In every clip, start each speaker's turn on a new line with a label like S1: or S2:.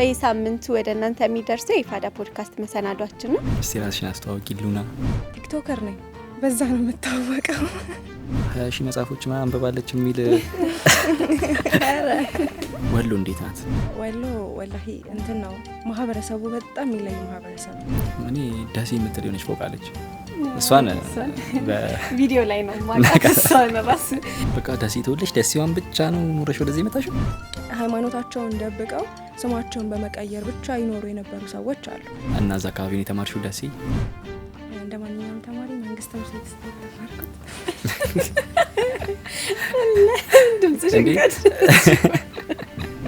S1: በየሳምንቱ ወደ እናንተ የሚደርሰው የፋዳ ፖድካስት መሰናዷችን ነው።
S2: እስቲ ራስሽን አስተዋውቂ። ሉና
S1: ቲክቶከር ነኝ፣ በዛ ነው የምታወቀው።
S2: ሀያ ሺህ መጽሐፎች ማ አንብባለች የሚል ወሎ እንዴት ናት?
S1: ወሎ ወላሂ እንትን ነው ማህበረሰቡ፣ በጣም የሚለይ ማህበረሰብ።
S2: እኔ ደሴ የምትል የሆነች ፎቃለች እሷን ቪዲዮ ላይ ነው ራስ በቃ ደሴ ተወለች ደሴዋን ብቻ ነው ኖረሽ ወደዚህ የመጣሽው።
S1: ሃይማኖታቸውን ደብቀው ስማቸውን በመቀየር ብቻ ይኖሩ የነበሩ ሰዎች አሉ
S2: እና እዛ አካባቢ ነው የተማርሽው? ደሴ
S1: እንደ ማንኛውም ተማሪ መንግስት ትምህርት ቤት ተማርኩት።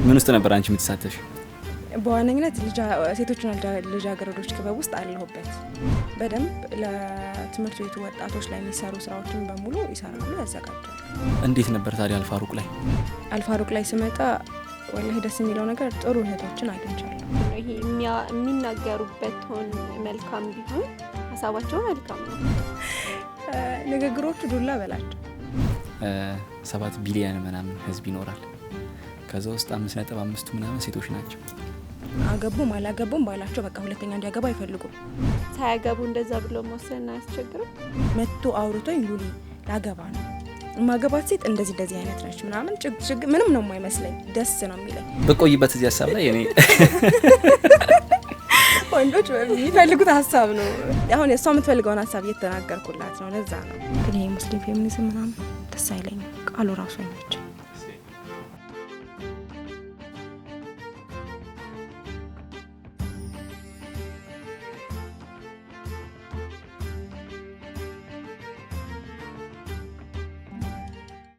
S2: ምን ውስጥ ነበር አንቺ የምትሳተፊ?
S1: በዋነኝነት ሴቶችና ልጃገረዶች ክበብ ውስጥ አለሁበት። በደንብ ለትምህርት ቤቱ ወጣቶች ላይ የሚሰሩ ስራዎችን በሙሉ ይሰራሉ፣ ያዘጋጃሉ።
S2: እንዴት ነበር ታዲያ አልፋሩቅ ላይ
S1: አልፋሩቅ ላይ ስመጣ ወላሂ ደስ የሚለው ነገር ጥሩ እህቶችን አግኝቻለሁ። ይሄ የሚናገሩበት ሆን መልካም ቢሆን ሀሳባቸው መልካም ነው። ንግግሮቹ ዱላ በላቸው።
S2: ሰባት ቢሊየን ምናምን ህዝብ ይኖራል። ከዛ ውስጥ አምስት ነጥብ አምስቱ ምናምን ሴቶች ናቸው።
S1: አገቡም አላገቡም ባላቸው በቃ ሁለተኛ እንዲያገባ አይፈልጉም። ሳያገቡ እንደዛ ብሎ መወሰን አያስቸግርም። መጥቶ አውርቶኝ ሉሊ ላገባ ነው ማገባት ሴት እንደዚህ እንደዚህ አይነት ነች ምናምን ጭግጭግ ምንም ነው የማይመስለኝ ደስ ነው የሚለኝ።
S2: ብቆይበት እዚህ ሀሳብ ላይ እኔ
S1: ወንዶች የሚፈልጉት ሀሳብ ነው። አሁን የእሷ የምትፈልገውን ሀሳብ እየተናገርኩላት ነው። ለዛ ነው ግን ይሄ ሙስሊም ፌሚኒዝም ምናምን ደስ አይለኝ ቃሉ ራሱ አይመች